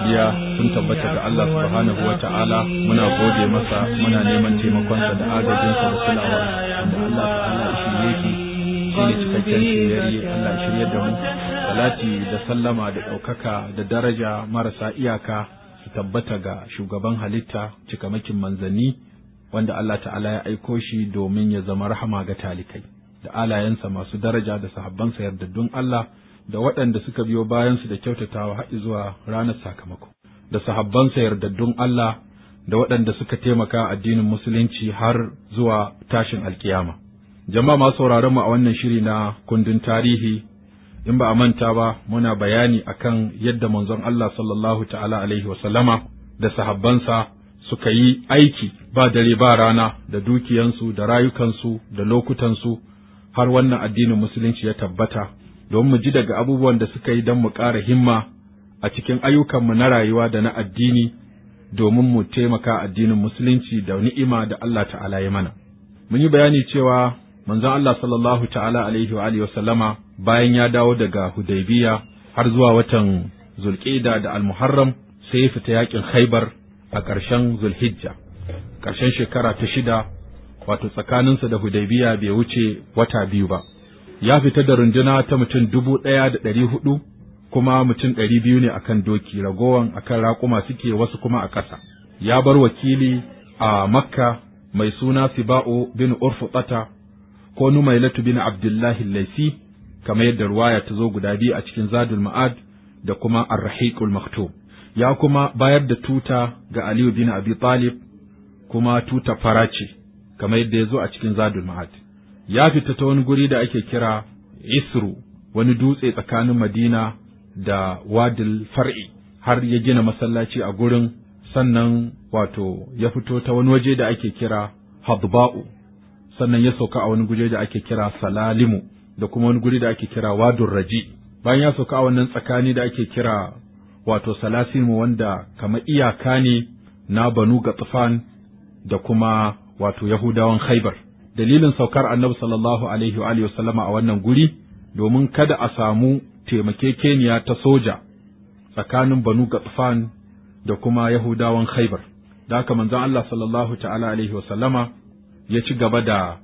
godiya sun tabbata ga Allah subhanahu wa ta'ala muna gode masa muna neman taimakonsa da sa da kulawa wanda Allah ta'ala shi ne ki shi ne cikakken shiryayye Allah shirye da mu salati da sallama da ɗaukaka da daraja marasa iyaka su tabbata ga shugaban halitta cikamakin manzanni wanda Allah ta'ala ya aiko shi domin ya zama rahama ga talikai da alayensa masu daraja da sahabbansa yardaddun Allah da waɗanda suka biyo bayansu da kyautatawa haɗi zuwa ranar sakamako da sahabbansa yardaddun Allah da waɗanda suka taimaka addinin musulunci har zuwa tashin alkiyama jama'a masu sauraron mu a wannan shiri na kundin tarihi in ba a manta ba muna bayani akan yadda manzon Allah sallallahu ta'ala alaihi wasallama da sahabbansa suka yi aiki ba dare ba rana da dukiyansu da rayukansu da lokutansu har wannan addinin musulunci ya tabbata don mu ji daga abubuwan da suka yi don mu ƙara himma a cikin ayyukanmu na rayuwa da na addini domin mu taimaka addinin musulunci da ni'ima da Allah ta'ala ya mana. Mun yi bayani cewa manzon Allah sallallahu ta'ala alaihi wa alihi sallama bayan ya dawo daga Hudaibiya har zuwa watan Zulqa'da da Al-Muharram sai ya fita yaƙin haibar a ƙarshen Zulhijja. Ƙarshen shekara ta shida wato tsakaninsa da Hudaibiya bai wuce wata biyu ba. ya fita da runduna ta mutum dubu ɗaya da ɗari hudu kuma mutum ɗari biyu ne akan doki ragowan akan raƙuma suke wasu kuma a ƙasa ya bar wakili a makka mai suna siba'u bin urfuɗata ko numailatu bin abdullahi Laifi, kamar yadda ruwaya ta zo guda biyu a cikin zadul ma'ad da kuma arrahiqul maktum ya kuma bayar da tuta ga aliyu bin abi talib kuma tuta farace kamar yadda ya zo a cikin zadul ma'ad ya fita ta wani guri da ake kira Isru wani dutse tsakanin Madina da Wadil Far'i har ya gina masallaci a gurin sannan wato ya fito ta wani waje da ake kira Hadba'u sannan ya sauka a wani guje da ake kira Salalimu da kuma wani guri da ake kira Wadur Raji bayan ya sauka a wannan tsakani da ake kira wato Salasimu wanda kamar iyaka ne na Banu Gatsfan da kuma wato Yahudawan Khaibar dalilin saukar annabi sallallahu alaihi wa sallama a wannan guri domin kada a samu taimakekeniya ta soja tsakanin banu gatsfan da kuma yahudawan khaibar da haka manzon Allah sallallahu ta'ala alaihi wa sallama ya ci gaba da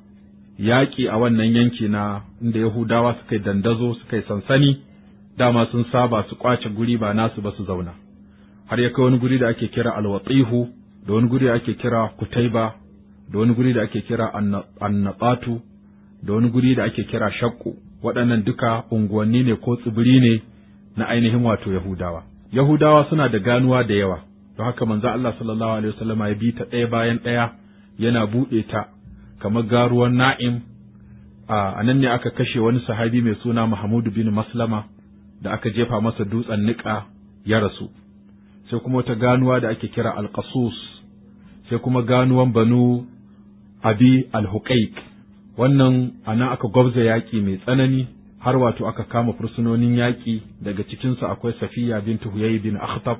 yaƙi a wannan yanki na inda yahudawa suka dandazo suka sansani dama sun saba su kwace guri ba nasu ba su zauna har ya kai wani guri da ake kira alwatsihu da wani guri da ake kira kutaiba da wani guri da ake kira annabatu da wani guri da ake kira shakku waɗannan duka unguwanni ne ko tsibiri ne na ainihin wato yahudawa yahudawa suna da ganuwa da yawa don haka manzo Allah sallallahu alaihi wasallam ya bi ta ɗaya bayan ɗaya yana buɗe ta kamar garuwan na'im a nan ne aka kashe wani sahabi mai suna Muhammadu bin Maslama da aka jefa masa dutsen niƙa ya rasu sai kuma wata ganuwa da ake kira alƙasus sai kuma ganuwan banu abi al-huqaiq wannan ana aka gwabza yaƙi mai tsanani har wato aka kama fursunonin yaƙi daga cikinsu akwai safiya bintu huyay bin akhtab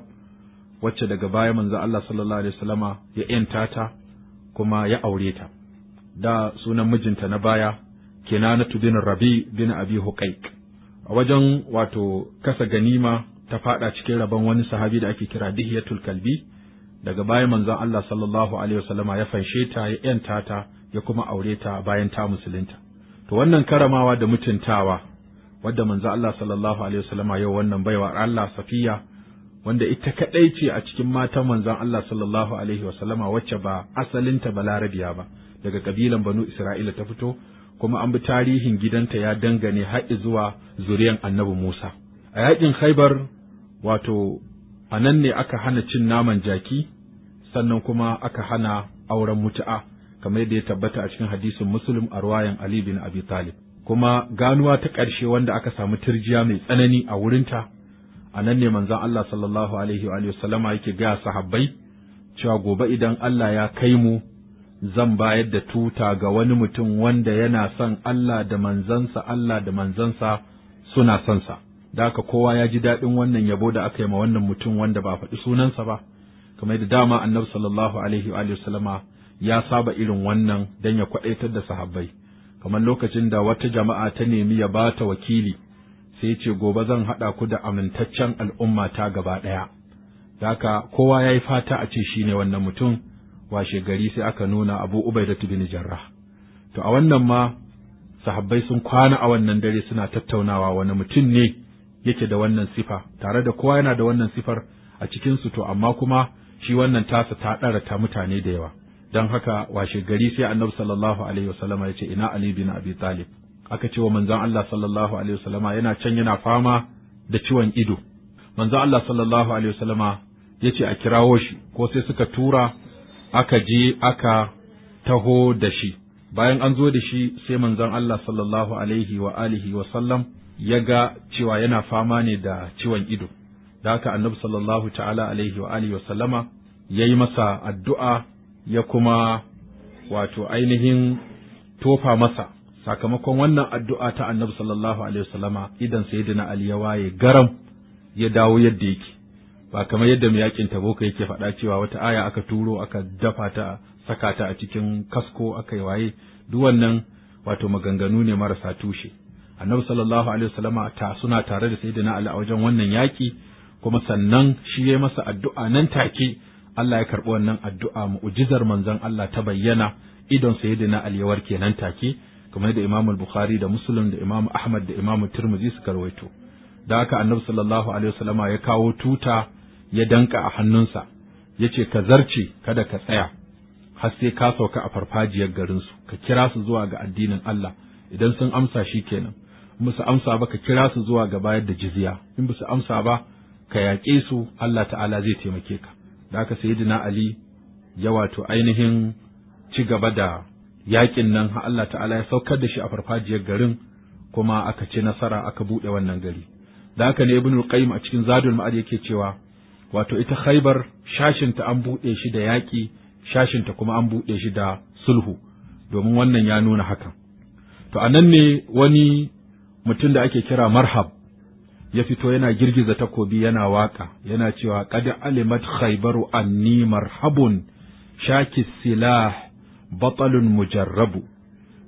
wacce daga baya manzo Allah sallallahu alaihi wasallama ya yanta ta kuma ya aure ta da sunan mijinta na baya kinanatu bin rabi bin abi huqaiq a wajen wato kasa ganima ta faɗa cikin rabon wani sahabi da ake kira dihiyatul kalbi daga bayan manzon Allah sallallahu alaihi wasallama ya fanshe ta ya yanta ta ya kuma aure ta bayan ta musulunta to wannan karamawa da mutuntawa wadda manzon Allah sallallahu alaihi wasallama yau wannan baiwa Allah Safiya wanda ita kadai ce a cikin matan manzon Allah sallallahu alaihi wasallama wacce ba asalinta balarabiya ba daga kabilan Banu Isra'ila ta fito kuma an bi tarihin gidanta ya dangane har zuwa zuriyan Annabi Musa a yakin Khaibar wato a nan ne aka hana cin naman jaki sannan kuma aka hana auren mutu'a kamar yadda ya tabbata a cikin hadisin muslim a ruwayan ali bin abi talib kuma ganuwa ta ƙarshe wanda aka samu turjiya mai tsanani a wurinta a nan ne manzon Allah sallallahu alaihi wa sallama yake ga sahabbai cewa gobe idan Allah ya kai mu zan bayar da tuta ga wani mutum wanda yana son Allah da manzansa Allah da manzansa suna son sa da haka kowa ya ji daɗin wannan yabo da aka yi ma wannan mutum wanda ba faɗi sunansa ba kamar da dama annabi sallallahu alaihi wa sallama ya saba irin wannan dan ya kwadaitar da sahabbai kamar lokacin da wata jama'a ta nemi ya bata wakili sai ce gobe zan haɗa ku da amintaccen al'umma ta gaba ɗaya haka kowa yayi fata a ce shine wannan mutum washe gari sai aka nuna abu Ubaidah bin jarrah to a wannan ma sahabbai sun kwana a wannan dare suna tattaunawa wani mutum ne yake da wannan sifa tare da kowa yana da wannan sifar a cikinsu to amma kuma shi wannan tasa ta ɗarata ta mutane da yawa don haka washe gari sai annabi sallallahu alaihi wasallama ya ce ina ali bin abi talib aka ce wa manzon Allah sallallahu alaihi wasallama yana can yana fama da ciwon ido manzon Allah sallallahu alaihi wasallama ya ce a kirawo shi ko sai suka tura aka je aka taho da shi bayan an zo da shi sai manzon Allah sallallahu alaihi wa alihi wasallam ya ga cewa yana fama ne da ciwon ido da haka annabi sallallahu ta'ala alaihi wa alihi wasallama ya yi masa addu'a ya kuma wato ainihin tofa masa sakamakon wannan addu'a ta annabi sallallahu alaihi wasallama idan sayidina Ali ya garam ya dawo yadda yake ba kamar yadda mai yakin taboka yake faɗa cewa wata aya aka turo aka dafa ta saka ta a cikin kasko aka yi waye duk wannan wato maganganu ne marasa tushe annabi sallallahu alaihi wasallama ta suna tare da sayyidina Ali a wajen wannan yaki kuma sannan shi ya masa addu'a nan take Allah ya karɓi wannan addu'a mu'ujizar manzon Allah ta bayyana idon sayyidina Ali kenan nan take kamar da Imam Bukhari da Muslim da Imam Ahmad da Imam Tirmidhi suka rawaito da haka Annabi sallallahu alaihi wasallama ya kawo tuta ya danka a hannunsa ce ka zarce kada ka tsaya har sai ka sauka a farfajiyar garin su ka kira su zuwa ga addinin Allah idan sun amsa shi kenan musu amsa ba ka kira su zuwa ga bayar da jizya in ba su amsa ba ka yaƙe su Allah ta'ala zai taimake ka da aka sayyidina Ali ya wato ainihin ci gaba da yakin nan har Allah ta'ala ya saukar da shi a farfajiyar garin kuma aka ci nasara aka buɗe wannan gari da haka ne ibnul qayyim a cikin zadul ma'ad yake cewa wato ita khaybar shashinta an buɗe shi da yaƙi shashinta kuma an buɗe shi da sulhu domin wannan ya nuna hakan to anan ne wani mutum da ake kira marhab ya fito yana girgiza takobi yana waka yana cewa qad alimat khaybaru anni marhabun shaki silah batalun mujarrabu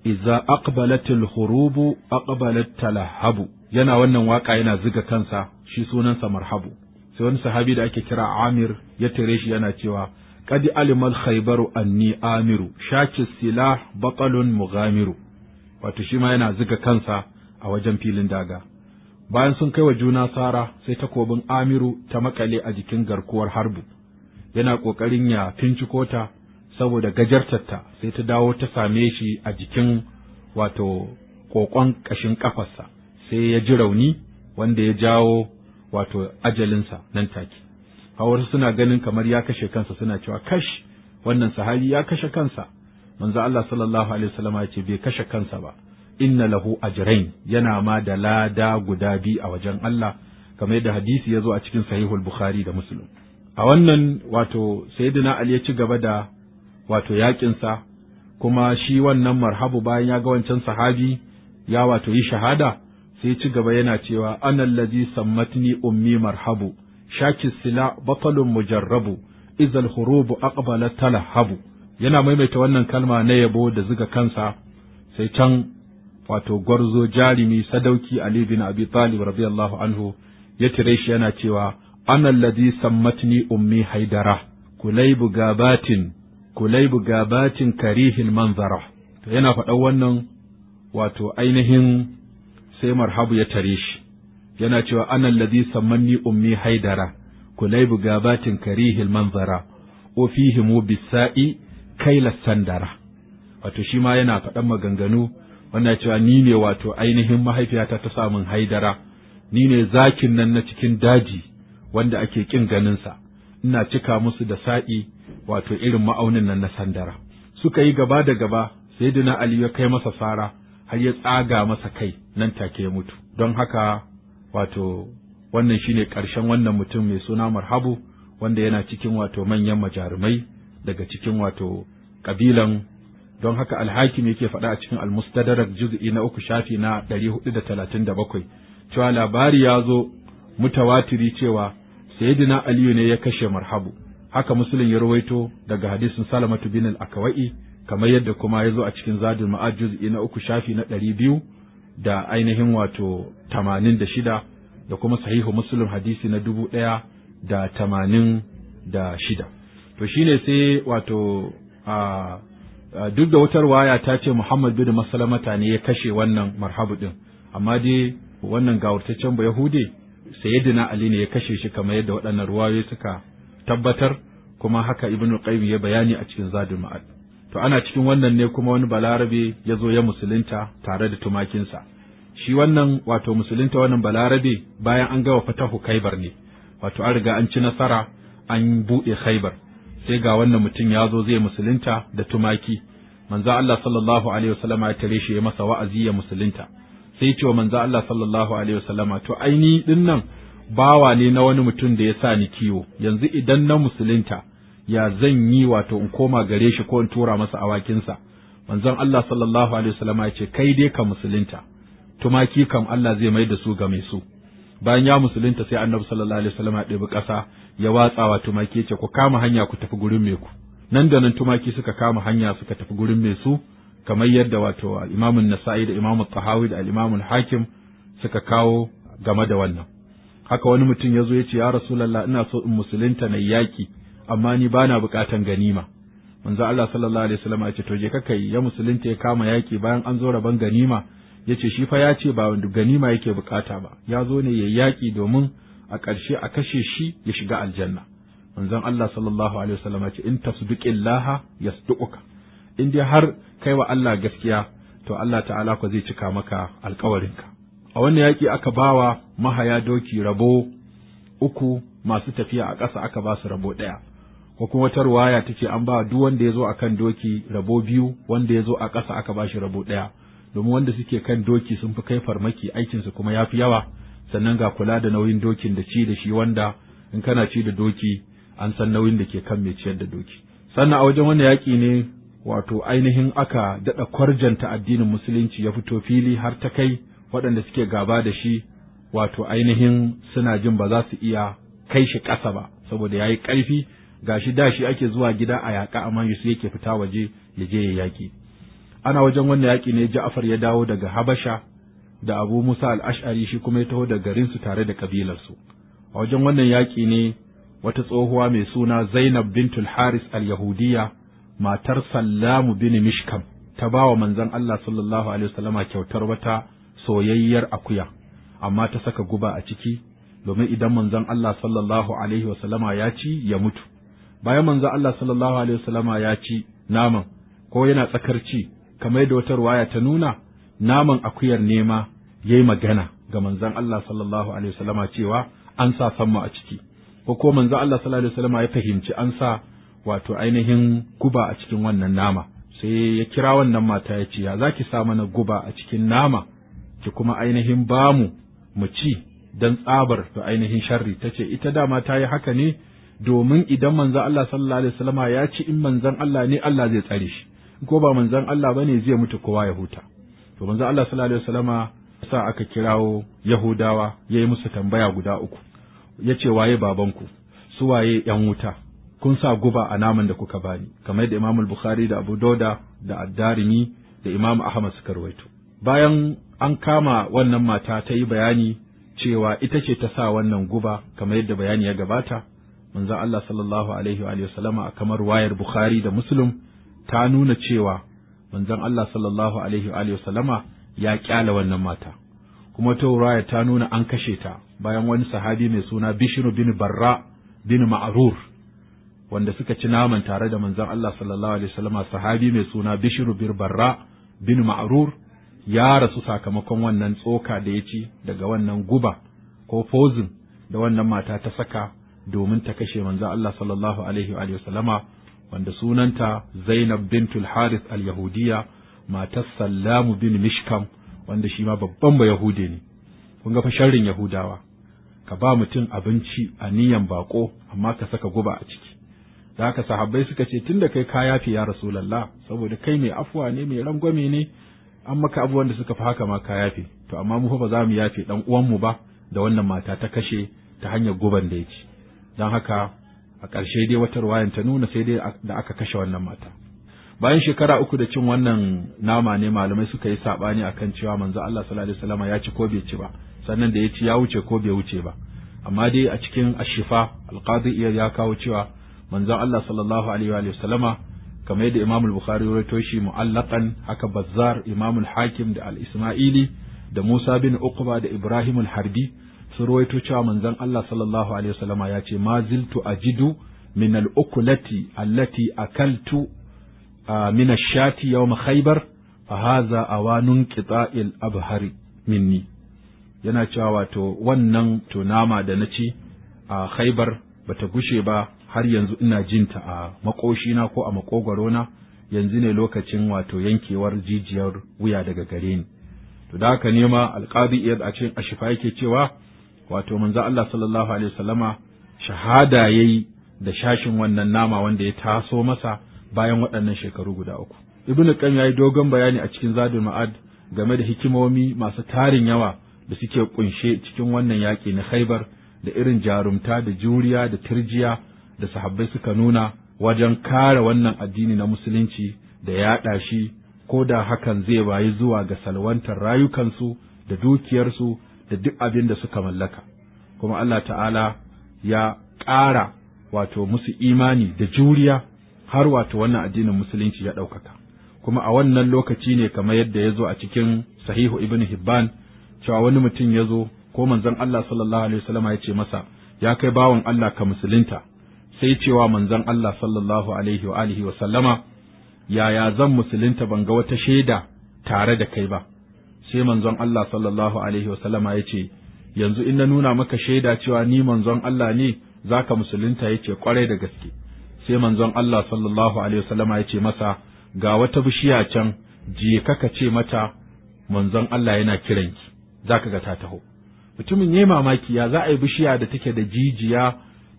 Iza aqbalat hurubu aqbalat talahabu yana wannan waka yana ziga kansa shi sunansa marhabu sai wani sahabi da ake kira Amir ya tare shi yana cewa qad alimal khaybaru anni amiru shaki silah batalun mughamiru wato shi ma yana ziga kansa a wajen filin daga bayan sun kai wa juna sara sai takobin amiru ta makale a jikin garkuwar harbu yana ƙoƙarin ya finciko ta saboda gajartarta sai ta dawo ta same shi a jikin wato ƙoƙon ƙashin ƙafarsa sai ya ji rauni wanda ya jawo wato ajalinsa nan take hawar suna ganin kamar ya kashe kansa suna cewa kash wannan sahabi ya kashe kansa manzo Allah sallallahu alaihi wasallam ya ce bai kashe kansa ba inna lahu ajrain yana ma da lada guda biyu a wajen Allah kamar yadda hadisi ya zo a cikin sahihul bukhari da muslim a wannan wato sayyidina ali ya ci gaba da wato yaƙinsa kuma shi wannan marhabu bayan ya ga wancan sahabi ya wato yi shahada sai ci gaba yana cewa anallazi sammatni ummi marhabu shaki sila batalun mujarrabu izal hurubu aqbala talahabu yana maimaita wannan kalma na yabo da zuga kansa sai can wato gwarzo jarimi sadauki Ali bin Abi Talib radiyallahu anhu ya tire shi yana cewa ana alladhi sammatni ummi haidara kulaibu gabatin kulaibu gabatin karihin manzara to yana faɗan wannan wato ainihin sai marhabu ya tare shi yana cewa ana alladhi sammanni ummi haidara kulaibu gabatin karihil manzara ofihimu bisa'i kaila sandara wato shi ma yana faɗan maganganu wannan cewa ni ne wato ainihin mahaifiyata ta samun haidara ni ne zakin nan na cikin daji wanda ake kin ganinsa ina cika musu da sa'i wato irin ma'aunin nan na sandara suka yi gaba da gaba sai sayyidina ali ya kai masa sara har ya tsaga masa kai nan take ya mutu don haka wato wannan shine karshen wannan mutum mai suna marhabu wanda yana cikin wato manyan majarumai daga cikin wato kabilan don haka alhakim yake faɗa a cikin almustadarak juz'i na uku shafi na ɗari hudu da talatin da bakwai cewa labari ya zo mutawatiri cewa sayyidina aliyu ne ya kashe marhabu haka musulun ya rawaito daga hadisin salamatu bin al-akawai kamar yadda kuma ya zo a cikin zadul ma'ad juz'i na uku shafi na ɗari biyu da ainihin wato tamanin da shida da kuma sahihu muslim hadisi na dubu ɗaya da tamanin da shida to shine sai wato a Ah, duk da wutar waya ta ce Muhammad bin Masalamata ne ya kashe wannan marhabu din amma dai wannan gawurtaccen ba Yahude sayyidina Ali ne ya kashe shi kamar yadda waɗannan ruwayoyi suka tabbatar kuma haka Ibn Qayyim ya bayani a cikin Zadul Ma'ad to ana cikin wannan ne kuma wani balarabe ya zo ya musulunta tare da tumakinsa shi wannan wato musulunta wannan balarabe bayan an gawa fatahu Khaibar ne wato an riga an ci nasara an buɗe Khaibar sai ga wannan mutum ya zo zai musulunta da tumaki manzo Allah sallallahu alaihi wasallama ya tare shi ya masa wa'azi ya musulunta sai ce wa manzo Allah sallallahu alaihi wasallama to aini din nan bawa ne na wani mutum da ya sa ni kiwo yanzu idan na musulunta ya zan yi wato in koma gare shi ko in tura masa awakinsa manzon Allah sallallahu alaihi wasallama ya ce kai dai ka musulunta tumaki kam Allah zai mai da su ga mai su bayan ya musulunta sai annabi sallallahu alaihi wasallam ya ɗebi ƙasa ya watsawa tumaki yace ku kama hanya ku tafi gurin mai ku nan da nan tumaki suka kama hanya suka tafi gurin mai su kamar yadda wato al nasai da Imam Tahawi da imamun Hakim suka kawo game da wannan haka wani mutum ya zo ya ce ya Rasulullah ina so in musulunta na yaƙi amma ni bana buƙatan ganima manzo Allah sallallahu alaihi wasallam ya ce to je kakai ya musulunta ya kama yaƙi bayan an zo raban ganima ya ce shi fa ya ce ba wanda ganima yake bukata ba ya zo ne ya yaƙi domin a ƙarshe a kashe shi ya shiga aljanna manzon Allah sallallahu alaihi wasallam ya ce in tasdiqillaha yasduquka in dai har kai wa Allah gaskiya to Allah ta'ala ko zai cika maka alƙawarinka a wannan yaƙi aka bawa mahaya doki rabo uku masu tafiya a ƙasa aka ba su rabo ɗaya ko kuma wata ruwaya ta ce an ba duk wanda ya zo a doki rabo biyu wanda ya zo a ƙasa aka ba shi rabo ɗaya domin wanda suke kan doki sun fi kai farmaki aikinsu kuma ya fi yawa sannan ga kula da nauyin dokin da ci da shi wanda in kana ci da doki an san nauyin da ke kan mai ciyar da doki sannan a wajen wannan yaƙi ne wato ainihin aka daɗa kwarjanta addinin musulunci ya fito fili har ta kai waɗanda suke gaba da shi wato ainihin suna jin ba za su iya kai shi ƙasa ba saboda ya yi ƙarfi gashi da shi ake zuwa gida a yaƙa amma Yusuf yake fita waje ya je ya yaƙi ana wajen wannan yaƙi ne Ja'far ya dawo daga Habasha da Abu Musa al-Ash'ari shi kuma ya taho da garinsu tare da kabilarsu a wajen wannan yaƙi ne wata tsohuwa mai suna Zainab bintul Haris al yahudiyya matar Sallamu bin Mishkam ta bawa manzon Allah sallallahu alaihi wasallama kyautar wata soyayyar akuya amma ta saka guba a ciki domin idan manzon Allah sallallahu alaihi wasallama ya ci ya mutu bayan manzon Allah sallallahu alaihi wasallama ya ci naman ko yana tsakar ci kamar yadda wata ruwaya ta nuna naman akuyar nema ya yi magana ga manzan Allah sallallahu alaihi wasallama cewa an sa samma a ciki ko ko manzan Allah sallallahu alaihi wasallama ya fahimci an sa wato ainihin guba a cikin wannan nama sai ya kira wannan mata ya ce ya zaki sa mana guba a cikin nama ki kuma ainihin bamu mu ci dan tsabar da ainihin sharri tace ita dama ta yi haka ne domin idan manzan Allah sallallahu alaihi wasallama ya ci in manzan Allah ne Allah zai tsare shi ko ba manzon Allah bane zai mutu kowa ya huta to manzon Allah sallallahu alaihi wasallama sa aka kirawo Yahudawa ya yi musu tambaya guda uku Ya ce waye babanku su waye yan wuta kun sa guba a naman da kuka bani kamar da Imam Bukhari da Abu Dauda da ad da Imam Ahmad suka rawaito bayan an kama wannan mata ta yi bayani cewa ita ce ta sa wannan guba kamar yadda bayani ya gabata manzon Allah sallallahu alaihi wa sallama a kamar wayar Bukhari da Muslim ta nuna cewa manzon Allah sallallahu alaihi wa sallama ya kyala wannan mata kuma tauraya ta nuna an kashe ta bayan wani sahabi mai suna Bishru bin Barra bin Ma'rur wanda suka ci naman tare da manzon Allah sallallahu alaihi sallama sahabi mai suna Bishru bin Barra bin Ma'rur ya rasu sakamakon wannan tsoka da ya ci daga wannan guba ko fozin da wannan mata ta saka domin ta kashe manzon Allah sallallahu alaihi wa sallama wanda sunanta Zainab bintul Harith al-Yahudiya matar Sallamu bin Mishkam wanda shi ma babban ba Yahude ne kun ga fa sharrin Yahudawa ka ba mutum abinci a niyan bako amma ka saka guba a ciki da haka sahabbai suka ce tunda kai ka yafi ya rasulullah saboda kai mai afuwa ne mai rangwame ne an maka abubuwan da suka fi haka ma ka yafe to amma mu fa ba za mu yafe dan uwanmu ba da wannan mata ta kashe ta hanyar guban da ya ci don haka a ƙarshe dai wata ruwayan ta nuna sai dai da aka kashe wannan mata bayan shekara uku da cin wannan nama ne malamai suka yi saɓani a kan cewa manzo Allah sallallahu alaihi wasallam ya ci ko bai ci ba sannan da ya ci ya wuce ko bai wuce ba amma dai a cikin ashifa alqadi iya ya kawo cewa manzo Allah sallallahu alaihi wa sallama kamar yadda Imam al-Bukhari ya rawaito shi mu'allaqan haka Bazzar Imam al-Hakim da al-Isma'ili da Musa bin Uqba da Ibrahim al-Harbi su ruwaito cewa manzon Allah sallallahu alaihi wasallama ya ce ma ziltu ajidu min al-ukulati allati akaltu min ash-shati yawm khaybar fa hadha awanun qita'il abhari minni yana cewa wato wannan to nama da naci a khaybar bata gushe ba har yanzu ina jinta a makoshina ko a na yanzu ne lokacin wato yankewar jijiyar wuya daga gare ni to da haka nema alqadi iyad a cikin ashifa yake cewa wato manzo Allah sallallahu alaihi wasallama shahada yayi da shashin wannan nama wanda ya taso masa bayan waɗannan shekaru guda uku ibnu qayyim yayi dogon bayani a cikin zadul ma'ad game da hikimomi masu tarin yawa da suke kunshe cikin wannan yaƙi na Khaibar da irin jarumta da juriya da tirjiya da sahabbai suka nuna wajen kare wannan addini na musulunci da yaɗa shi ko da hakan zai bayi zuwa ga salwantar rayukansu da dukiyarsu da duk abin da suka mallaka kuma Allah ta'ala ya ƙara wato musu imani da juriya har wato wannan addinin musulunci ya ɗaukaka kuma a wannan lokaci ne kamar yadda ya zo a cikin sahihu ibn hibban cewa wani mutum ya zo ko manzon Allah sallallahu alaihi wasallam ya ce masa ya kai bawan Allah ka musulunta sai cewa manzon Allah sallallahu alaihi wa yaya zan musulunta ban ga wata shaida tare da kai ba sai manzon Allah sallallahu alaihi wasallama ya ce yanzu in na nuna maka shaida cewa ni manzon Allah ne zaka musulunta yace kwarai da gaske sai manzon Allah sallallahu alaihi wasallama ya ce masa ga wata bishiya can je ka ce mata manzon Allah yana kiranki zaka ga ta taho mutumin yayi mamaki ya za a yi bishiya da take da jijiya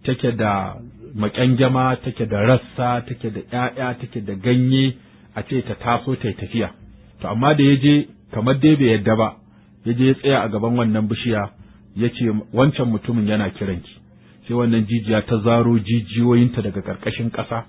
take da maƙyangyama take da rassa take da ƴaƴa take da ganye a ce ta taso ta tafiya to amma da ya je kamar dai bai yadda ba ya je ya tsaya a gaban wannan bishiya ya ce wancan mutumin yana kiranki sai wannan jijiya ta zaro jijiyoyinta daga ƙarƙashin ƙasa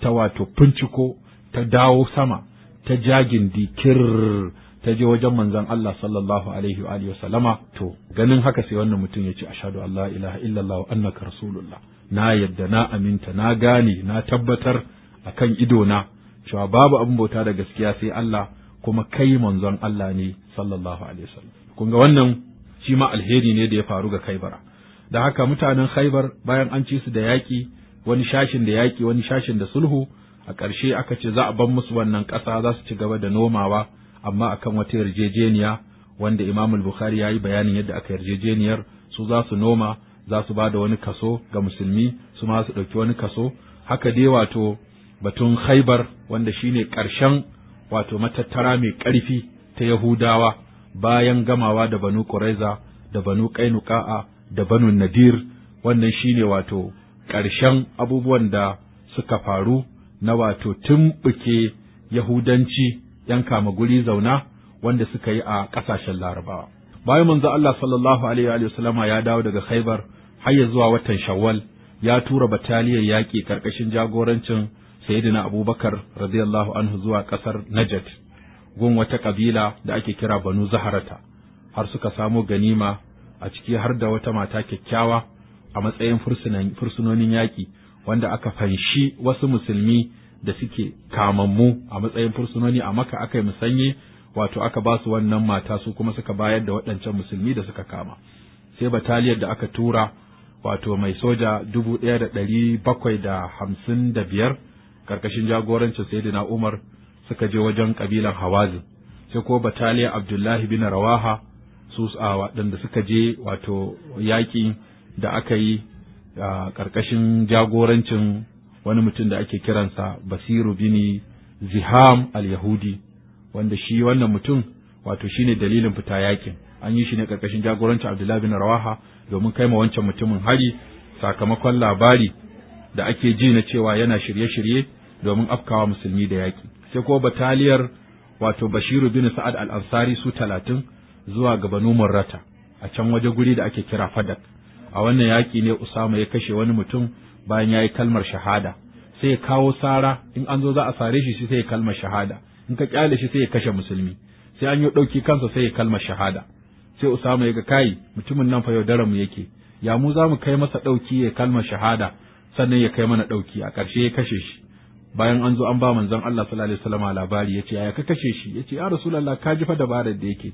ta wato finciko ta dawo sama ta jagin dikir ta je wajen manzon Allah sallallahu alaihi wa sallama to ganin haka sai wannan mutum ya ce ashadu Allah ilaha illallah wa annaka rasulullah na yadda na aminta na gane na tabbatar akan idona cewa babu abin bauta da gaskiya sai Allah kuma kai manzon Allah ne sallallahu alaihi wasallam kun ga wannan shi ma alheri ne da ya faru ga Khaibar da haka mutanen Khaibar bayan an ci su da yaƙi wani shashin da yaki wani shashin da sulhu a ƙarshe aka ce za a ban musu wannan ƙasa za su ci gaba da nomawa amma akan wata yarjejeniya wanda Imam Bukhari yayi bayanin yadda aka yarjejeniyar su za su noma za su ba da wani kaso ga musulmi su ma su ɗauki wani kaso haka dai wato batun Khaibar wanda shine ƙarshen wato matattara mai ƙarfi ta Yahudawa bayan gamawa da Banu Qurayza da Banu Qainuqa'a da Banu Nadir wannan shine wato ƙarshen abubuwan da suka faru na wato tumɓuke Yahudanci ‘yan kama guri zauna wanda suka yi a ƙasashen Larabawa. Bayan manzo Allah sallallahu Alaihi wasallama ya dawo daga Khaibar har zuwa watan Shawwal ya tura bataliyar yaƙi ƙarƙashin jagorancin sayyidina abubakar radiyallahu anhu zuwa ƙasar najat gun wata ƙabila da ake kira banu zaharata har suka samo ganima a ciki har da wata mata kyakkyawa a matsayin fursunonin yaƙi wanda aka fanshi wasu musulmi da suke kamammu a matsayin fursunoni a maka aka yi musanye wato aka ba su wannan mata su kuma suka bayar da waɗancan musulmi da suka kama sai bataliyar da aka tura wato mai soja dubu ɗaya da ɗari bakwai da hamsin da biyar karkashin jagorancin Sayyidina Umar suka je wajen kabilan Hawazin sai ko bataliya Abdullahi bin Rawaha su waɗanda suka je wato yaƙi da aka yi a ƙarƙashin jagorancin wani mutum da ake kiransa Basiru bin Ziham al-Yahudi wanda shi wannan mutum wato shi ne dalilin fita yaƙin an yi shi ne ƙarƙashin jagorancin Abdullahi bin Rawaha domin kai ma wancan mutumin hari sakamakon labari da ake ji na cewa yana shirye-shirye domin afkawa musulmi da yaƙi sai ko bataliyar wato Bashiru bin Sa'ad al-Ansari su talatin zuwa ga Banu Murrata a can waje guri da ake kira Fadak a wannan yaƙi ne Usama ya kashe wani mutum bayan ya yi kalmar shahada sai ya kawo sara in an zo za a sare shi sai ya kalmar shahada in ka kyale shi sai ya kashe musulmi sai an yi ɗauki kansa sai ya kalmar shahada sai Usama ya ga kai mutumin nan fa yaudara mu yake ya mu za mu kai masa ɗauki ya kalmar shahada sannan ya kai mana ɗauki a ƙarshe ya kashe shi bayan an zo an ba manzon Allah sallallahu alaihi wasallam labari yace ya ka kashe shi yace ya rasulullah ka ji fa dabarar da yake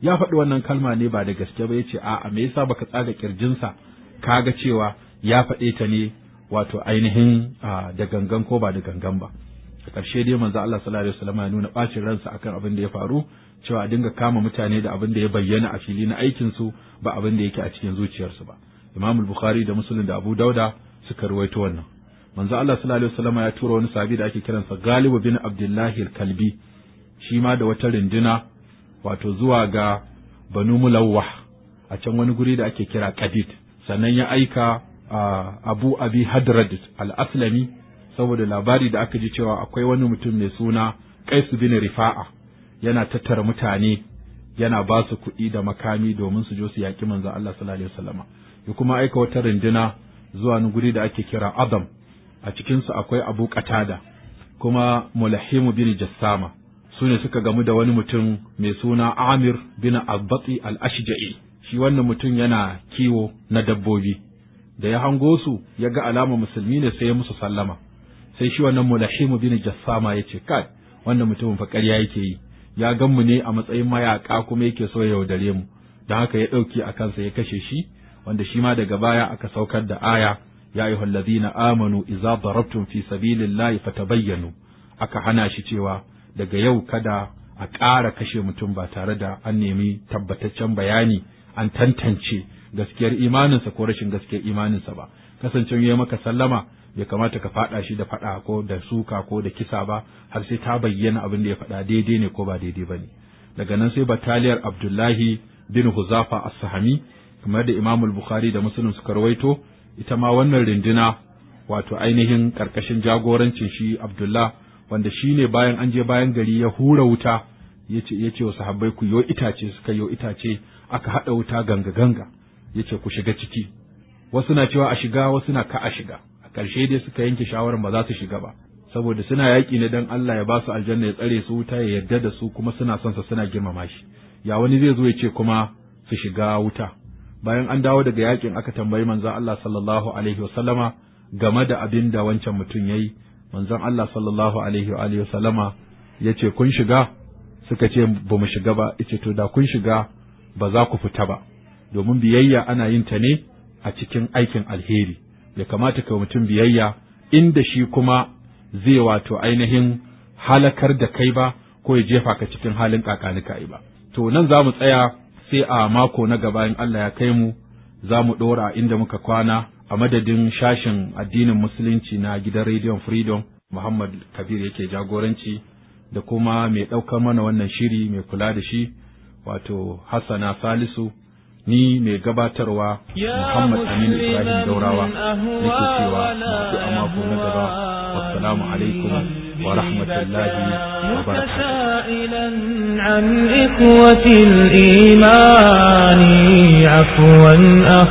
ya faɗi wannan kalma ne ba da gaske ba yace a'a me yasa baka tsaga kirjin sa kaga cewa ya faɗe ta ne wato ainihin da gangan ko ba da gangan ba a ƙarshe dai manzon Allah sallallahu alaihi wasallam ya nuna bacin ransa akan abin da ya faru cewa a dinga kama mutane da abin da ya bayyana a fili na aikin su ba abin da yake a cikin zuciyarsu ba Imam Bukhari da Muslim da Abu Dauda suka ruwaito wannan manzo Allah sallallahu alaihi wasallam ya tura wani sahabi da ake kiransa Galibu bin Abdullahi al-Kalbi shi ma da wata rinduna wato zuwa ga Banu Mulawwah a can wani guri da ake kira Qadid sannan ya aika Abu Abi Hadrad al-Aslami saboda labari da aka ji cewa akwai wani mutum mai suna Qais bin Rifa'a yana tattara mutane yana ba su kuɗi da makami domin su je su yaƙi manzo Allah sallallahu alaihi wasallam ya kuma aika wata rinduna zuwa wani guri da ake kira Adam a cikinsu akwai abu qatada kuma mulahimu bin jassama su ne suka gamu da wani mutum mai suna amir bin abbati al-ashja'i shi wannan mutum yana kiwo na dabbobi da ya hango su ya ga alama musulmi ne sai ya musu sallama sai shi wannan mulahimu bin jassama ya ce kai wannan mutumin fa ƙarya yake yi ya gan mu ne a matsayin mayaka kuma yake so ya yaudare mu don haka ya ɗauki a kansa ya kashe shi wanda shi ma daga baya aka saukar da aya ya ayyuha allazina amanu idza darabtum fi sabilillahi fatabayyanu aka hana shi cewa daga yau kada a ƙara kashe mutum ba tare da an nemi tabbataccen bayani an tantance gaskiyar imaninsa ko rashin gaskiyar imaninsa ba kasance ya maka sallama bai kamata ka faɗa shi da faɗa ko da suka ko da kisa ba har sai ta bayyana abin da ya faɗa daidai ne ko ba daidai ba ne daga nan sai bataliyar abdullahi bin huzafa as-sahami kamar da Imamul bukhari da muslim suka rawaito ita ma wannan rinduna wato ainihin ƙarƙashin jagorancin shi Abdullah wanda shi ne bayan an je bayan gari ya hura wuta ya ce wa sahabbai ku yo itace suka yo itace aka haɗa wuta ganga ganga ya ce ku shiga ciki wasu na cewa a shiga wasu na ka a shiga a ƙarshe dai suka yanke shawarar ba za su shiga ba saboda suna yaƙi ne dan Allah ya ba su aljanna ya tsare su wuta ya yarda da su kuma suna son sa suna girmama shi ya wani zai zo ya ce kuma su shiga wuta bayan an dawo daga yakin aka tambayi manzon Allah sallallahu alaihi wasallama game da abin da wancan mutum yayi manzon Allah sallallahu alaihi wa alihi wasallama yace kun shiga suka ce ba mu shiga ba yace to da kun shiga ba za ku fita ba domin biyayya ana yin ta ne a cikin aikin alheri ya kamata ka mutum biyayya inda shi kuma zai wato ainihin halakar da kai ba ko ya jefa ka cikin halin kakani ka ba to nan za mu tsaya sai a mako na gaba in Allah ya kai mu za mu ɗora inda muka kwana a madadin shashin addinin musulunci na gidan rediyon freedom muhammad kabir yake jagoranci da kuma mai ɗaukar mana wannan shiri mai kula da shi wato hassana salisu ni mai gabatarwa muhammad aminu ibrahim daurawa nake cewa masu mako na gaba assalamu alaikum ورحمة الله متسائلا عن إخوة الإيمان عفوا أخ